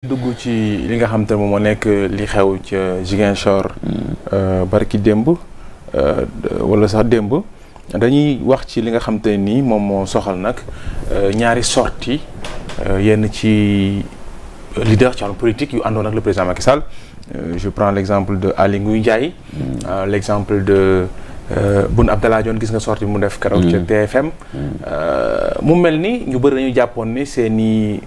dugg ci li nga xam te moom moo nekk li xew ca Ziguinchor mm. euh, barki démb euh, wala sax démb dañuy wax ci li nga xam te nii moom moo soxal nag euh, ñaari sortie yenn ci leader ci wàllu politique yu àndoon ak le président Macky Sall je prends l'exemple de Aly Ngouille Ndiaye mm. l'exemple de Boun Abdallah Dionne gis nga sortie mu def keroog ca TFM mm. mu mel ni ñu bëri dañu jàppoon ni seeni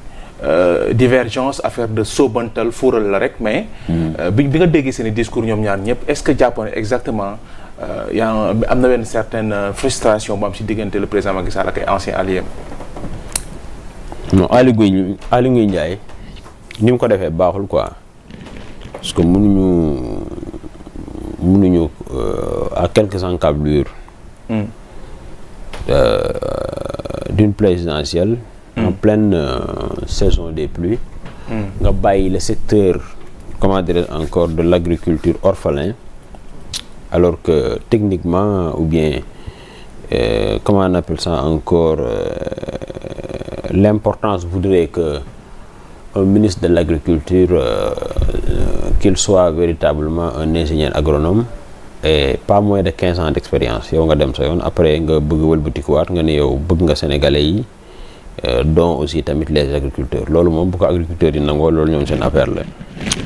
Euh, divergence affaire de sóobantal fuural la rek mais. Hmm. Euh, bi bi nga déggee seen i discours ñoom ñaar ñëpp est ce que jàppoon exactement euh, yaa am na benn certaine frustration bu am si diggante le président Macky Sall ak ay ancien allié non ko defee baaxul quoi parce que mënuñu mënuñu à quelques encablures. Hmm. d'une présidentielle. en hmm. pleine euh, saison des pluies. Hmm. nga bàyyi la secteur comment dirais encore de l' agriculture orphelin alors que techniquement ou bien euh, comment on appelle ça encore euh, l'importance voudrait que un ministre de l'agriculture euh, euh qu'il soit véritablement un ingénieur agronome e pas moins de quinze ans d'expérience yow nga dem sa yoon après nga bëgg wëlbatikuwaat nga ne yow bëgg nga sénégalais yi Euh, dont aussi tamit les agriculteurs loolu moom bu ko agriculteurs yi nangoo loolu ñoom seen affaire la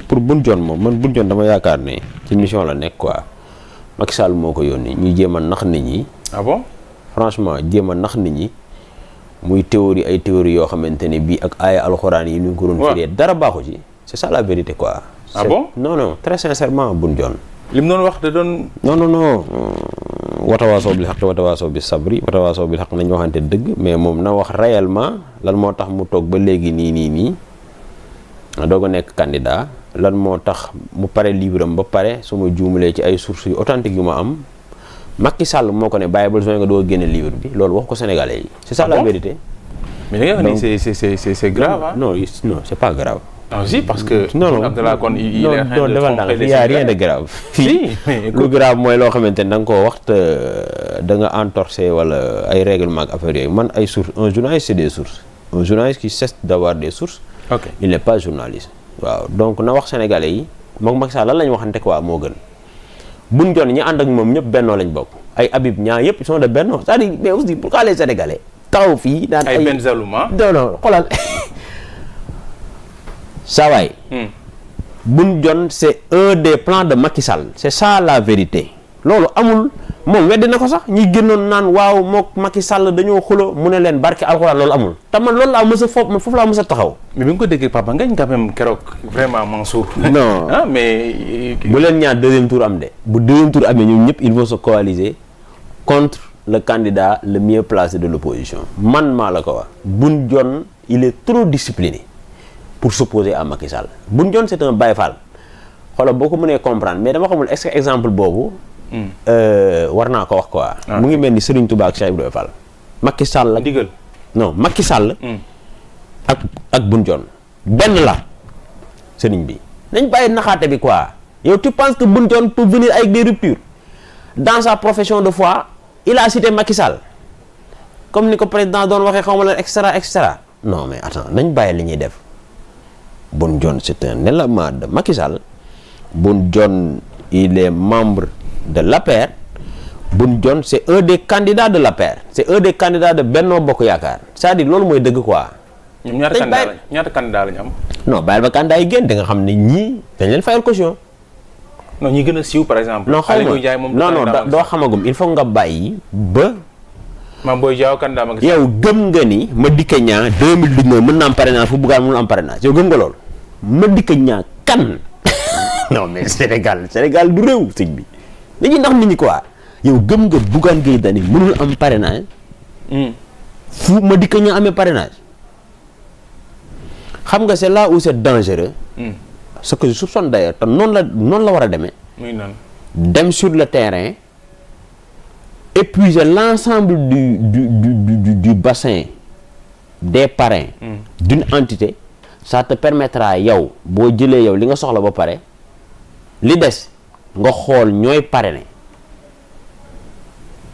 pour bun moom man bun dama yaakaar ne ci mission la nekk quoi Macky moo ko yónni ñuy jéem nax nit ñi. ah bon franchement jéem a nax nit ñi muy théorie ay théorie yoo xamante ne bii ak aaya alxuraan yi ñu ko doon firee dara baaxu ci c'est ça la vérité quoi. ah bon non non très sincèrement bun joon. li wax da doon. non non watawaasaw bil xaq watawaasaw bi sabri watawaasaw bil xaq nañ waxante dëgg mais moom na wax réellement lan moo tax mu toog ba léegi nii nii nii na doo ko nekk candidat lan moo tax mu pare livre am ba pare suma ma juumalee ci ay sources yu authentiques yu ma am Macky sàll moo ko ne bàyyi ba nga doo génne livre bi loolu wax ko sénégalais yi. c'est ça ah la vérité. mais da nga ne c'est c'est c'est grave ah. non non c'est pas grave. ah si parce que. non non Abdallah kon il est en train de tromper a rien de grave. fii lu grave mooy loo xamante ne da waxta da nga entorser ay règlement ak affaire yooyu man ay sources un journaliste c'est des sources un journaliste qui cesse d'avoir des sources. ok il n'est pas journaliste. waaw donc na wax sénégalais yi moom Macky Sall lan la ñu waxante quoi moo gën buñ joon ñi ànd ak moom ñëpp bennoo lañ bokk ay Habib ñaa yëpp sont de bennoo cest à mais aussi pourquoi les sénégalais taxaw fii. sawaay bun jon c'est un des plans de Macky Sall c'est ça la vérité loolu amul moom weddi na ko sax ñi génnoon naan waaw mook Macky Sall dañoo xulo mu ne leen barke alxuraan loolu amul te man loolu laa mës a foofu man foofu laa mës a taxaw mais bi nga ko déggee Papa Ngagne quand même keroog vraiment Mansour non ah mais euh, bu leen ñaar deuxième tour am de bu deuxième tour amee ñoom ñëpp il vont se coaliser contre le candidat le mieux placé de l'opposition man maa la ko wax bun jon il est trop discipliné pour s'opposer à Macky Sall Boun Dionne c'est un Baye Fall xoolal boo ko mënee comprendre mais dama xamul est-ce exemple boobu. Hmm. Euh, war naa ko wax quoi. Ah. mu ngi mel ni Serigne Touba ak Cheikh Ibrahima Fall. Macky Sall la digal non Macky Sall. Hmm. ak ak Boun la Serigne bi nañ bàyyi naxaate bi quoi yow tu penses que Boun Dionne peut venir avec des ruptures dans sa profession de foi il a cité Macky Sall comme ni ko président doon waxee xaw ma lan et et cetera non mais attends nañu bàyyi li ñuy def. Boun Dionne c'est un élément de Macky Sall Boun Dionne il membre de la Boun Dionne c'est un des candidats de l'APR c'est un des candidats de Benno Bokk Yaakaar cest à loolu mooy dëgg quoi. ñoom ñaata candidat lañ ñaata am. non bàyyil ba candidat yi génn da nga xam ne ñii dañ leen fayal caution. non ñi gën a siiw par exemple. non xam nga non non doo xamagum il faut nga bàyyi ba. Mame Boye Diao kan yow gëm nga ni Madické Niang 2019 mën na am parrainage fu Bougane mënul am parrainage yow gëm nga loolu Madické ñaa kan non mais Sénégal Sénégal du réew sëñ bi dañuy ndax nit ñi quoi yow gëm nga Bougane Gueye Dany mënul am parrainage hmm. fu Madické Niang amee parrainage xam nga c'est là où c'est dangereux hmm. ce que je soupçonne d'ailleurs te noonu la noonu la war a demee dem sur le terrain épuiser l'ensemble du du, du, du du bassin des parrains mmh. d'une entité ça te permettra yow boo jëlee yow li nga soxla ba pare li des nga xool ñooy parrainé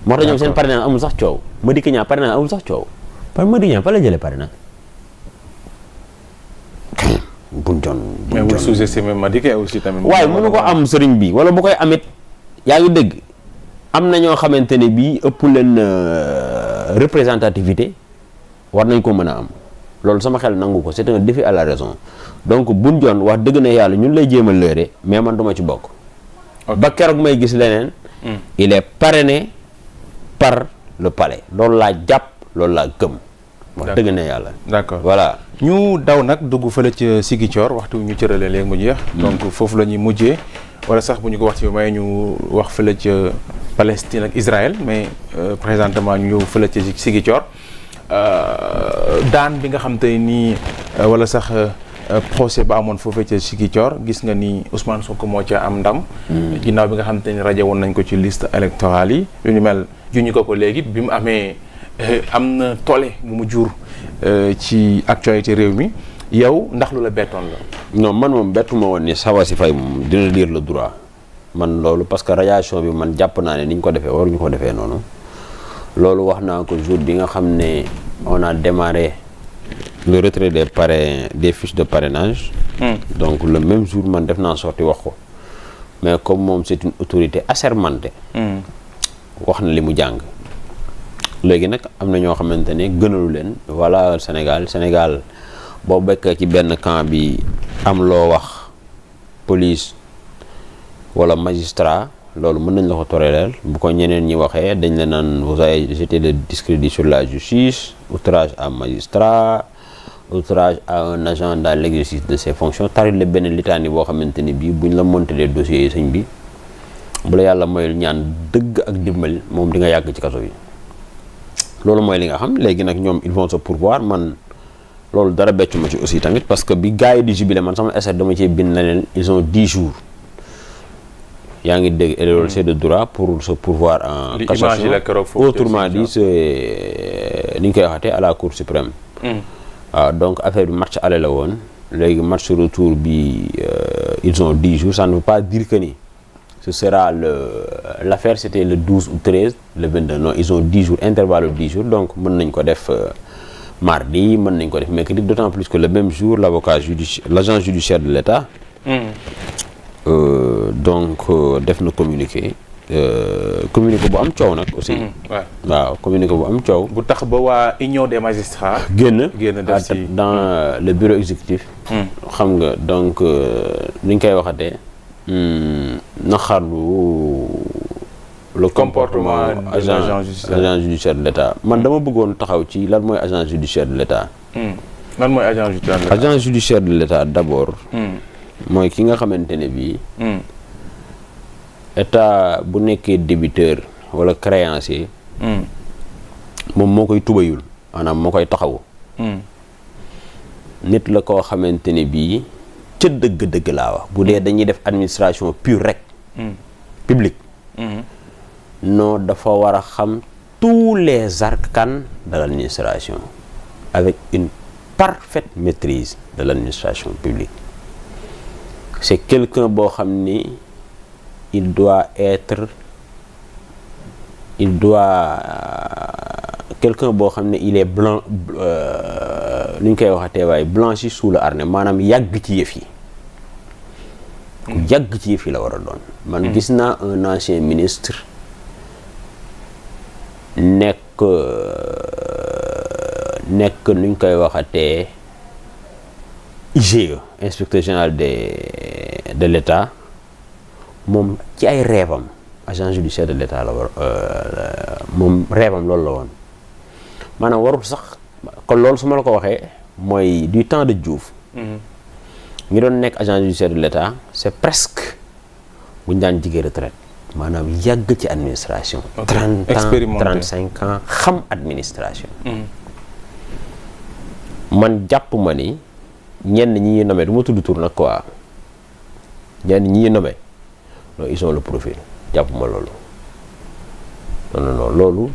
moo tax ñoom seen parrainage amul sax coow Madické Niang parrainage amul sax coow par Madické Niang fa la jëlee pare bunjon bunjon mais sous-estimé waaye mënu ko am sëriñ bi wala bu koy amit yaa ngi dégg am na ñoo xamante ne bii ëpp leen euh, représentativité war nañ ko mën a am loolu sama xel nangu ko c'est un défi à la raison donc buñ joon wax dëgg na yàlla ñun lay jéemal a mais man duma ci bokk. ba keroog may gis leneen. Hmm. il pare ne par le palais loolu laa jàpp loolu laa gëm. wax dëgg na yàlla. d'accord voilà. ñu daw nag dugg fële ca Ziguinchor waxtu ñu cëralee léegi mu jeex. Hmm. donc foofu la ñuy mujjee. wala sax bu ñu ko wax ci may ñu wax fële ca Palestine ak Israël mais euh, présentement ñu ñëw fële ca Ziguinchor euh, daan bi nga xam te nii euh, wala sax procès ba amoon foofee ca Ziguinchor gis nga ni Ousmane Sonko moo ca am ndam. Mm. ginnaaw bi nga xam te ni rajo woon nañ ko ci liste électorale yi ñu ñu mel ñu ko ko léegi bi mu amee am na toole bu mu jur ci actualité réew mi. yow ndax lu la bettoon la. non man moom bettu woon ni sawa si fay moom dina liir le droit man loolu parce que radiation bi man jàpp naa ne ni ñu ko defee waruñu ko defee noonu loolu wax naa ko jour bi nga xam ne on a démarré le retrait des parrain des fiches de parrainage. Mmh. donc le même jour man def naa sorti wax ko mais comme moom c'est une autorité assermentée. Hmm. wax na li mu jàng. léegi nag am na ñoo xamante ne gënalu leen voilà Sénégal Sénégal. boo bekkee ci benn camp bi am loo wax police wala magistrat loolu mën nañ la ko toreleel bu ko ñeneen ñi waxee dañ la naan vous avez jeté le discrédit sur la justice outrage à magistrat outrage a un agent dans l' exercice de ses fonctions taril la benn litaani boo xamante ni bii buñ la monté les dossiers yi bi bu la yàlla mooy ñaan dëgg ak dimbal moom di nga yàgg ci kaso bi loolu mooy li nga xam léegi nag ñoom ils vont se pourvoir man loolu dara beccu ma ci aussi tamit parce que bi gars yi di jubilé man ma essai dama cee bind na leen ils on dix jours yaa ngi dégg et loolu c'est de droit pour se pourvoir en cassation autrement dit c'est ni ñu koy waxatee à la cour suprême waaw hmm. ah, donc affaire bi match aller la woon léegi match retour bi euh, ils ont dix jours ça ne veut pas dire que ni ce sera le l'affaire c'était le 12 ou 13 le 22 non ils ont dix jours intervalle de dix jours donc mën nañ ko def euh, mardi mën nañ ko def mercredi d'autant plus que le même jour l'avocat judici l'agent judiciaire de l'État hmm. euh, donc euh, def na communiqué euh, communiqué bu am coow nag aussi hmm, waaw communiqué bu am coow bu tax ba waa union des magistrats génn génn def si dans le bureau exécutif hmm. xam nga donc ni ñu koy waxatee na le comportement agent agent judiciaire de l'État man hmm. dama bëggoon taxaw ci lan mooy agent judiciaire de l'État. Hmm. lan mooy agent judiciaire de l'État agent judiciaire de l'État d'abord. Hmm. mooy ki nga xamante ne bii. état bu nekkee débiteur wala créancier. moom moo koy tubayul maanaam moo koy taxawu. nit la koo xamante ne bii ca dëgg-dëgg laa wax bu dee dañuy def administration pure rek. publique. non dafa war a xam tous les arcanes de l'administration avec une parfaite maîtrise de l'administration publique c'est quelqu'un boo xam ni il doit être il doit euh, quelqu'un boo xam ne il est blanc euh, nu ñu koy waxatee waaye blanchi sous le harnais maanaam yàgg ci yëf yi ku mm. yàgg ci yëf yi la war a doon man mm. gis naa un ancien ministre nekk euh, nekk nuñ koy waxatee IGE inspecteur général de de l' état moom ci ay rêvam agent judiciaire de l' état la war euh, euh, moom rêvam loolu la woon maanaam warul sax kon loolu su ma la ko waxee mooy du temps de Diouf. ngi mhm. doon nekk agent judiciaire de l' état c' est presque buñ daan jigéen retraite maanaam yàgg ci administration. trente ans trente cinq ans xam administration. Mm. man jàpp ma ni ñenn ñi ñuy nommé du ma tudd tur nag quoi ñenn ñi ñuy nommé non jàpp ma loolu. non non non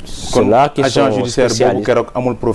boobu keroog amul